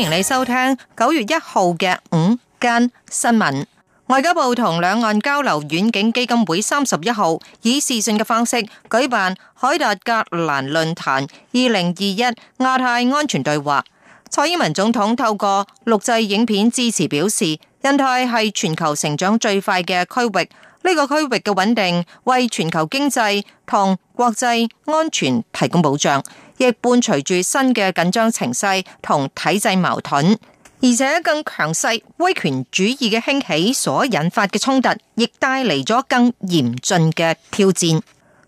歡迎你收聽九月一號嘅午間新聞。外交部同兩岸交流遠景基金會三十一號以視訊嘅方式舉辦海達格蘭論壇二零二一亞太安全對話。蔡英文總統透過錄製影片支持表示，印太係全球成長最快嘅區域，呢個區域嘅穩定為全球經濟同國際安全提供保障。亦伴隨住新嘅緊張情勢同體制矛盾，而且更強勢威權主義嘅興起所引發嘅衝突，亦帶嚟咗更嚴峻嘅挑戰。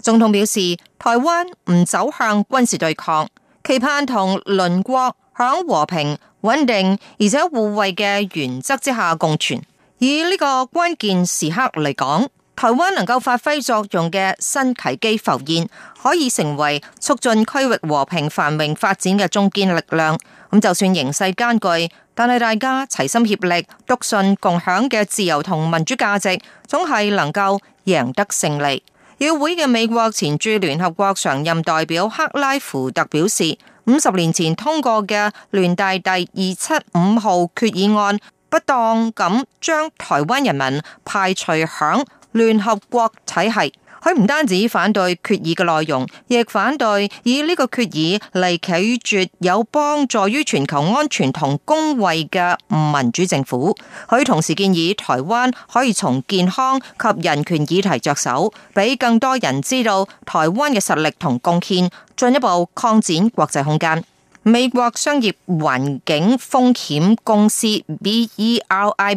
總統表示，台灣唔走向軍事對抗，期盼同鄰國響和平、穩定而且互惠嘅原則之下共存。以呢個關鍵時刻嚟講。台灣能夠發揮作用嘅新契機浮現，可以成為促進區域和平繁榮發展嘅中堅力量。咁就算形勢艱巨，但係大家齊心協力，篤信共享嘅自由同民主價值，總係能夠贏得勝利。要會嘅美國前駐聯合國常任代表克拉夫特表示，五十年前通過嘅聯大第二七五八號決議案，不當咁將台灣人民排除響聯合國體系，佢唔單止反對決議嘅內容，亦反對以呢個決議嚟拒絕有幫助於全球安全同公衞嘅民主政府。佢同時建議台灣可以從健康及人權議題着手，俾更多人知道台灣嘅實力同貢獻，進一步擴展國際空間。美國商業環境風險公司 BERI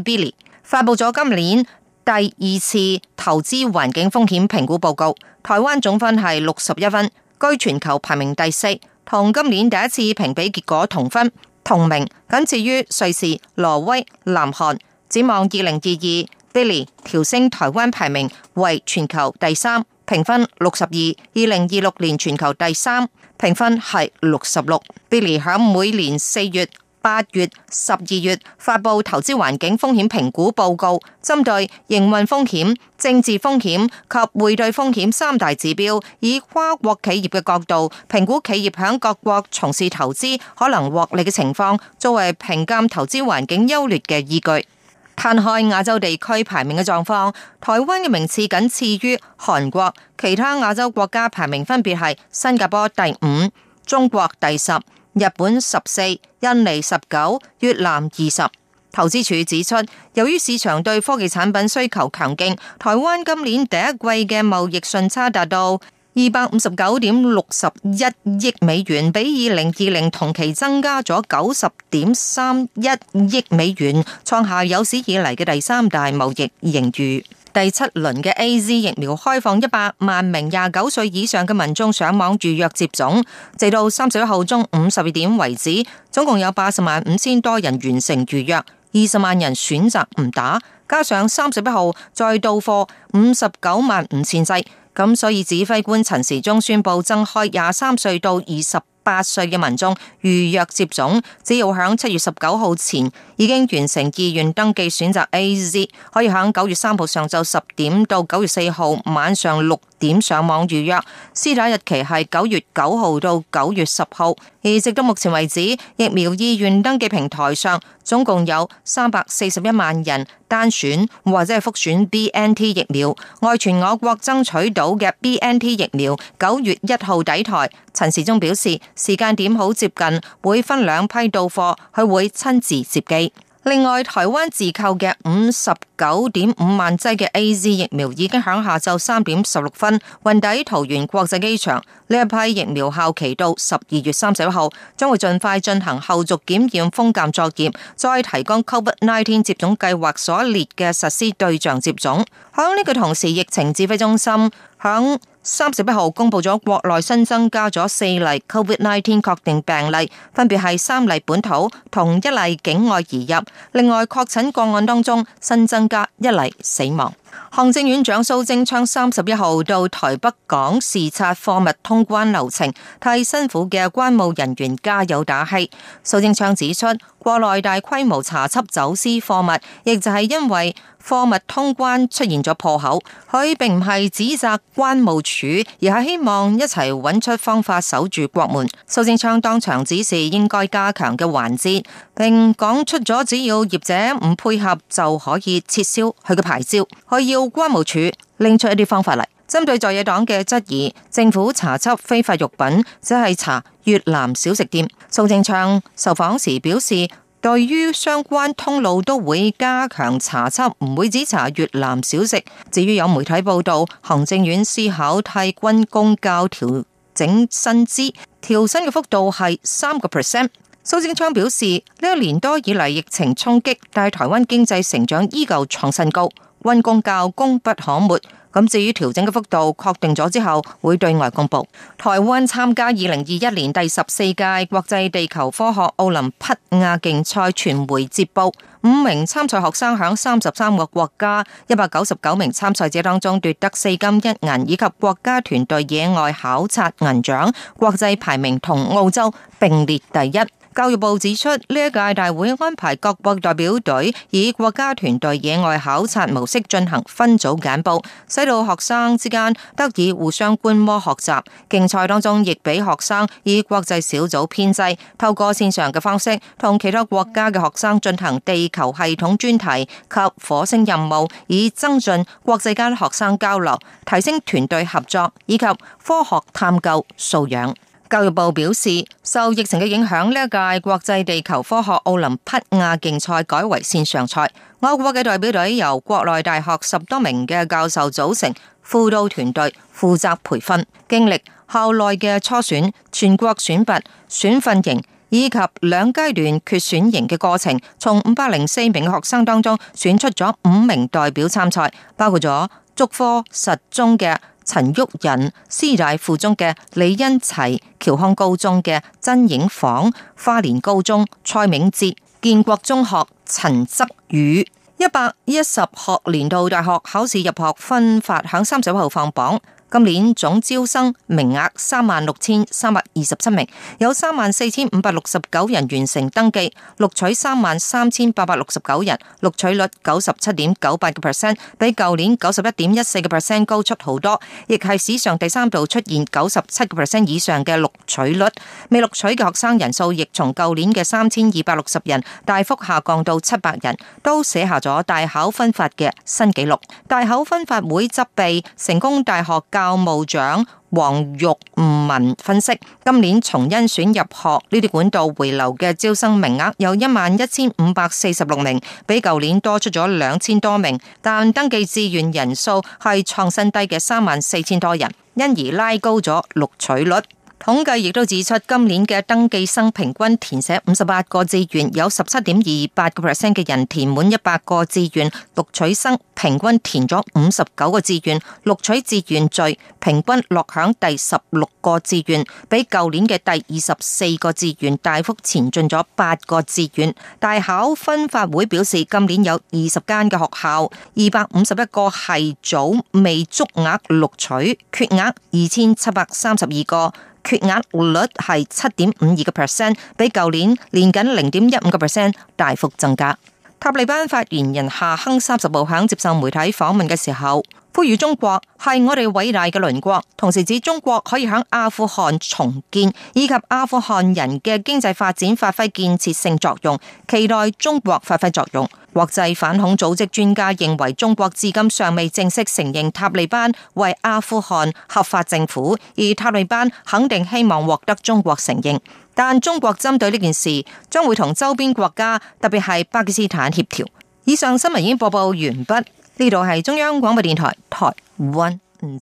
Billy 發布咗今年第二次投資環境風險評估報告，台灣總分係六十一分，居全球排名第四，同今年第一次評比結果同分同名，僅次於瑞士、挪威、南韓。展望二零二二 BERI 調升台灣排名為全球第三，評分六十二；二零二六年全球第三，評分係六十六。BERI 喺每年四月、八月、十二月發佈投資環境風險評估報告，針對營運風險、政治風險及匯兌風險三大指標，以跨國企業嘅角度評估企業響各國從事投資可能獲利嘅情況，作為評鑑投資環境優劣嘅依據。攤開亞洲地區排名嘅狀況，台灣嘅名次僅次於韓國，其他亞洲國家排名分別係新加坡第五、中國第十。日本十四，印尼十九，越南二十。投資處指出，由於市場對科技產品需求強勁，台灣今年第一季嘅貿易順差達到二百五十九點六十一億美元，比二零二零同期增加咗九十點三一億美元，創下有史以嚟嘅第三大貿易盈餘。第七輪嘅 AZ 疫苗開放一百萬名廿九歲以上嘅民眾上網預約接種，直到三十一號中午十二點為止，總共有八十萬五千多人完成預約，二十萬人選擇唔打，加上三十一號再到貨五十九萬五千劑，咁所以指揮官陳時中宣布增開廿三歲到二十八歲嘅民眾預約接種，只要喺七月十九號前已經完成自願登記，選擇 AZ，可以喺九月三號上晝十點到九月四號晚上六點上網預約施打日期係九月九號到九月十號，而直到目前為止，疫苗意願登記平台上總共有三百四十一萬人單選或者係複選 B N T 疫苗。外傳我國爭取到嘅 B N T 疫苗九月一號抵台，陳時中表示時間點好接近，會分兩批到貨，佢會親自接機。另外，台灣自購嘅五十九點五萬劑嘅 AZ 疫苗已經喺下晝三點十六分運抵桃園國際機場。呢一批疫苗效期到十二月三十一號，將會盡快進行後續檢驗、封鑑作業，再提供 COVID-19 接種計劃所列嘅實施對象接種。喺呢個同時，疫情指揮中心。響三十一號公布咗國內新增加咗四例 COVID-19 確定病例，分別係三例本土同一例境外移入，另外確診個案當中新增加一例死亡。行政院長蘇貞昌三十一號到台北港視察貨物通關流程，替辛苦嘅關務人員加油打氣。蘇貞昌指出，國內大規模查緝走私貨物，亦就係因為貨物通關出現咗破口。佢並唔係指責關務署，而係希望一齊搵出方法守住國門。蘇貞昌當場指示應該加強嘅環節，並講出咗只要業者唔配合就可以撤銷佢嘅牌照。要關務處拎出一啲方法嚟，針對在野黨嘅質疑，政府查緝非法肉品只係查越南小食店。蘇貞昌受訪時表示，對於相關通路都會加強查緝，唔會只查越南小食。至於有媒體報道，行政院思考替軍公教調整薪資，調薪嘅幅度係三個 percent。蘇貞昌表示，呢一年多以嚟疫情衝擊，但係台灣經濟成長依舊創新高。溫公教功不可沒，咁至於調整嘅幅度，確定咗之後會對外公布。台灣參加二零二一年第十四屆國際地球科學奧林匹亞競賽傳媒接報，五名參賽學生響三十三個國家一百九十九名參賽者當中奪得四金一銀以及國家團隊野外考察銀獎，國際排名同澳洲並列第一。教育部指出，呢一屆大會安排各國代表隊以國家團隊野外考察模式進行分組簡報，使到學生之間得以互相觀摩學習。競賽當中亦俾學生以國際小組編制，透過線上嘅方式，同其他國家嘅學生進行地球系統專題及火星任務，以增進國際間學生交流，提升團隊合作以及科學探究素養。教育部表示，受疫情嘅影響，呢一屆國際地球科學奧林匹亞競賽改為線上賽。我國嘅代表隊由國內大學十多名嘅教授組成輔導團隊，負責培訓。經歷校內嘅初選、全國選拔、選訓營以及兩階段決選營嘅過程，從五百零四名學生當中選出咗五名代表參賽，包括咗足科實中嘅，陳旭仁師大附中嘅李恩齊，僑康高中嘅曾影房，花蓮高中蔡明哲，建國中學陳澤宇，一百一十學年度大學考試入學分發，響三十一號放榜。今年總招生名額三萬六千三百二十七名，有三萬四千五百六十九人完成登記，錄取三萬三千八百六十九人，錄取率九十七點九八嘅 percent，比舊年九十一點一四嘅 percent 高出好多，亦係史上第三度出現九十七個 percent 以上嘅錄取率。未錄取嘅學生人數亦從舊年嘅三千二百六十人大幅下降到七百人，都寫下咗大考分發嘅新紀錄。大考分發會執秘成功大學教校務長黃玉文分析，今年從因選入學呢啲管道回流嘅招生名額有一萬一千五百四十六名，比舊年多出咗兩千多名，但登記志願人數係創新低嘅三萬四千多人，因而拉高咗錄取率。統計亦都指出，今年嘅登記生平均填寫五十八個志願，有十七點二八個 percent 嘅人填滿一百個志願。錄取生平均填咗五十九個志願，錄取志願序平均落響第十六個志願，比舊年嘅第二十四個志願大幅前進咗八個志願。大考分發會表示，今年有二十間嘅學校，二百五十一個系組未足額錄取，缺額二千七百三十二個。缺額率係七點五二個 percent，比舊年連緊零點一五個 percent 大幅增加。塔利班發言人夏亨三十號喺接受媒體訪問嘅時候，呼籲中國係我哋偉大嘅鄰國，同時指中國可以喺阿富汗重建以及阿富汗人嘅經濟發展發揮建設性作用，期待中國發揮作用。國際反恐組織專家認為，中國至今尚未正式承認塔利班為阿富汗合法政府，而塔利班肯定希望獲得中國承認。但中國針對呢件事，將會同周邊國家，特別係巴基斯坦協調。以上新聞已經播報完畢，呢度係中央廣播電台台灣。